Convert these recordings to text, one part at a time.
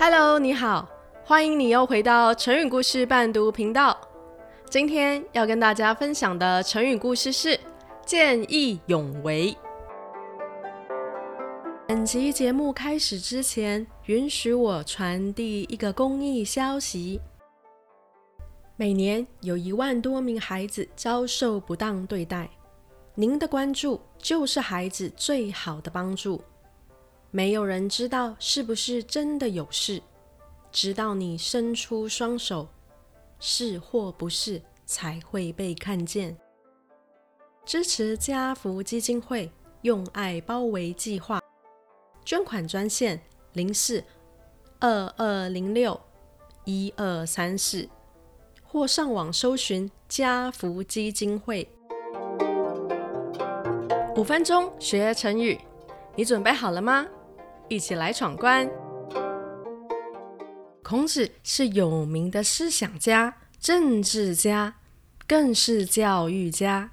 Hello，你好，歡迎你又回到成語故事伴讀頻道。今天要跟大家分享的成語故事是“見義勇為”。本集節目開始之前，允許我傳遞一個公益消息：每年有一萬多名孩子遭受不當對待，您的關注就是孩子最好的幫助。沒有人知道是不是真的有事，直到你伸出雙手，是或不是才會被看見。支持家扶基金會“用愛包圍”計劃，捐款專線零四二二零六一二三四，30, 或上網搜尋家扶基金會。五分鐘學成語，你準備好了嗎？一起來闖關。孔子是有名的思想家、政治家，更是教育家。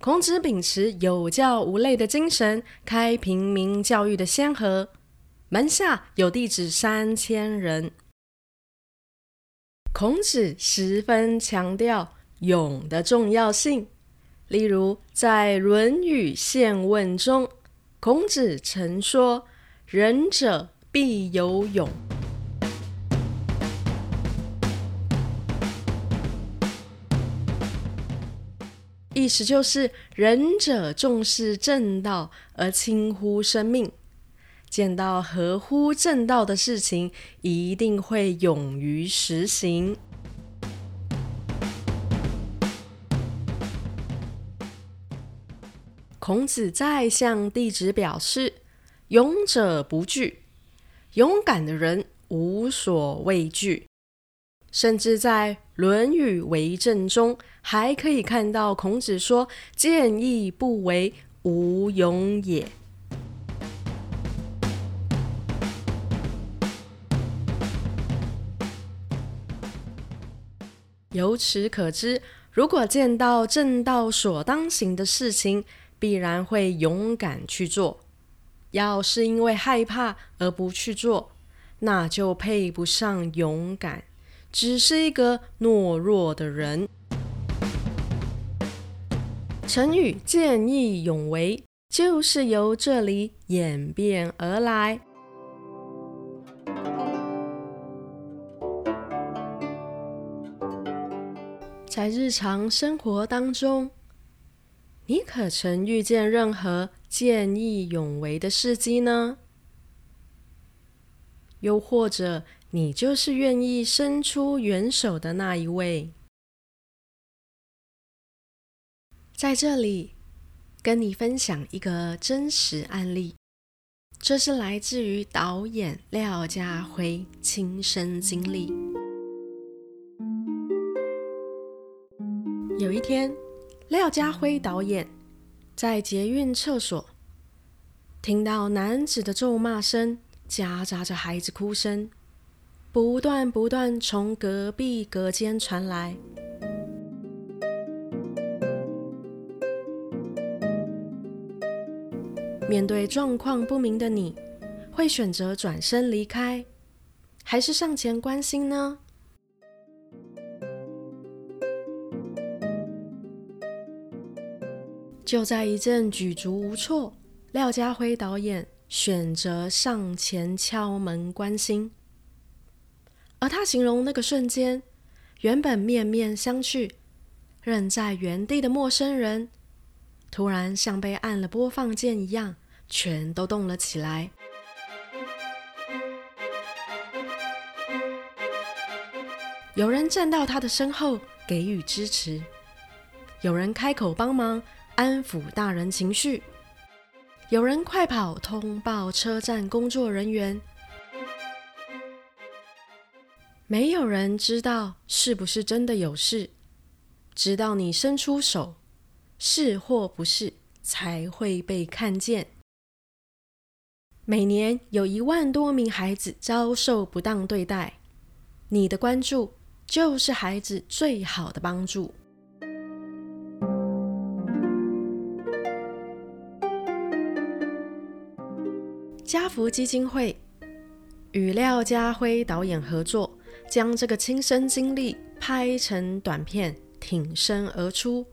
孔子秉持有教無類的精神，開平民教育的先河，門下有弟子三千人。孔子十分強調勇的重要性，例如在《論語·憲問》中，孔子曾說。仁者必有勇，意思就是仁者重視正道而輕忽生命，見到合乎正道的事情，一定會勇於實行。孔子再向弟子表示，勇者不懼，勇敢的人無所畏懼。甚至在《論語為政》中，還可以看到孔子說：“見義不為，無勇也。”由此可知，如果見到正道所當行的事情，必然會勇敢去做。要是因為害怕而不去做，那就配不上勇敢，只是一個懦弱的人。成語“見義勇為”就是由這裡演變而來。在日常生活當中，你可曾遇見任何見義勇為的事跡呢？又或者，你就是願意伸出援手的那一位？在這裡，跟你分享一個真實案例，這是來自於導演廖家輝親身經歷。有一天。廖家輝導演在捷運廁所聽到男子的咒罵聲，夾雜着孩子哭聲，不斷不斷從隔壁隔間傳來。面對狀況不明的你，會選擇轉身離開，還是上前關心呢？就在一陣舉足無措，廖家輝導演選擇上前敲門關心。而他形容那個瞬間，原本面面相覷、愣在原地的陌生人，突然像被按了播放鍵一樣，全都動了起來。有人站到他的身後給予支持，有人開口幫忙，安撫大人情緒，有人快跑通報車站工作人員。沒有人知道是不是真的有事，直到你伸出手，是或不是才會被看見。每年有一萬多名孩子遭受不當對待，你的關注就是孩子最好的幫助。家扶基金會與廖家輝導演合作，將這個親身經歷拍成短片，挺身而出，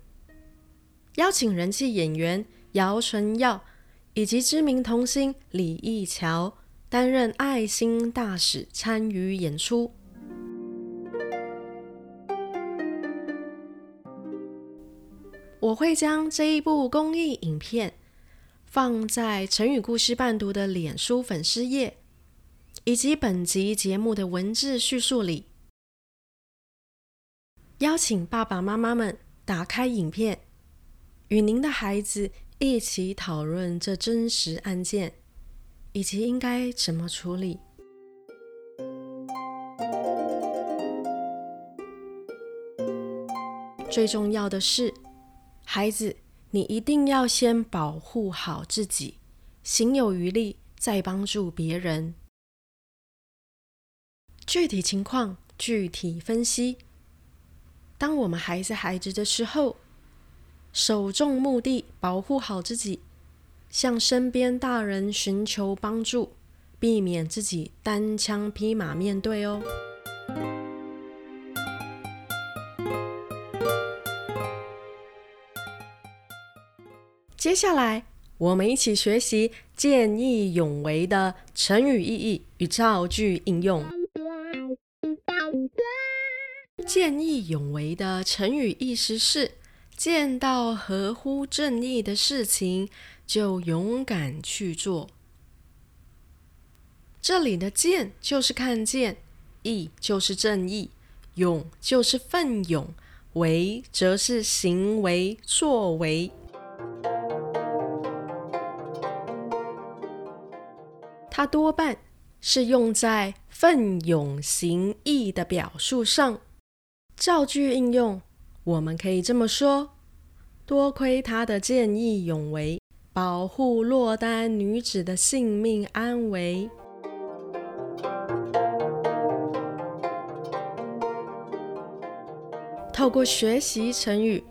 邀請人氣演員姚淳耀以及知名童星李易橋擔任愛心大使，參與演出。我會將這一部公益影片。放在成語故事伴讀的臉書粉絲頁，以及本集節目的文字敘述裡，邀請爸爸媽媽們打開影片，與您的孩子一起討論這真實案件，以及應該怎麼處理。最重要的是，孩子。你一定要先保護好自己，行有餘力再幫助別人。具體情況具體分析。當我們還是孩子的時候，首重目的，保護好自己，向身邊大人尋求幫助，避免自己單槍匹馬面對哦。接下來，我們一起學習“見義勇為”的成語意義與造句應用。“見義勇為”的成語意思是見到合乎正義的事情，就勇敢去做。這裡的“見”就是看見，“義”就是正義，“勇”就是奮勇，“為”則是行為，作為。它多半是用在奮勇行義的表述上。造句應用，我們可以這麼說：多虧他的見義勇為，保護落單女子的性命安危。透過學習成語，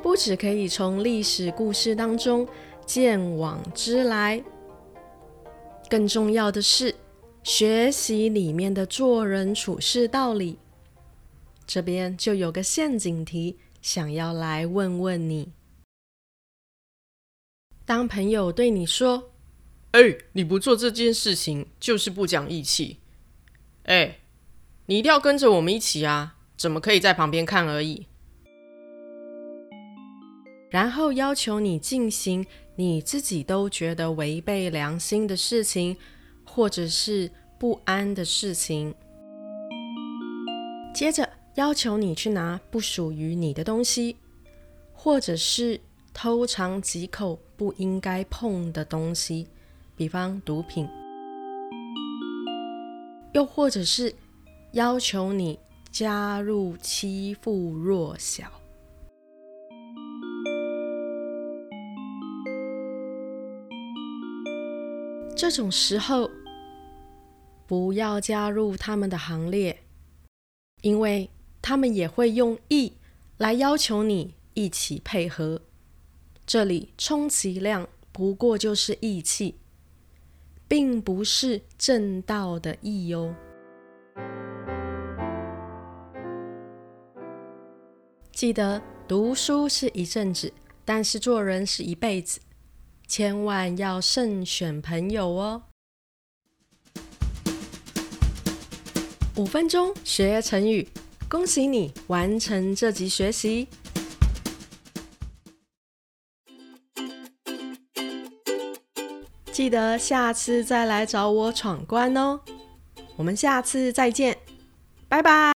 不只可以從歷史故事當中見往知來。更重要的是，學習裡面的做人處事道理。這邊就有個陷阱題，想要來問問你：當朋友對你說“哎，你不做這件事情就是不講義氣”，哎，你一定要跟着我們一起啊！怎麼可以在旁邊看而已？然後要求你進行你自己都覺得違背良心的事情，或者是不安的事情。接着要求你去拿不屬於你的東西，或者是偷嘗幾口不應該碰的東西，比方毒品。又或者是要求你加入欺負弱小。這種時候，不要加入他們的行列，因為他們也會用義來要求你一起配合。這裡充其量不過就是義氣，並不是正道的義哦。記得讀書是一陣子，但是做人是一輩子。千萬要慎選朋友哦！五分鐘學成語，恭喜你完成這集學習，記得下次再來找我闖關哦！我們下次再見，拜拜。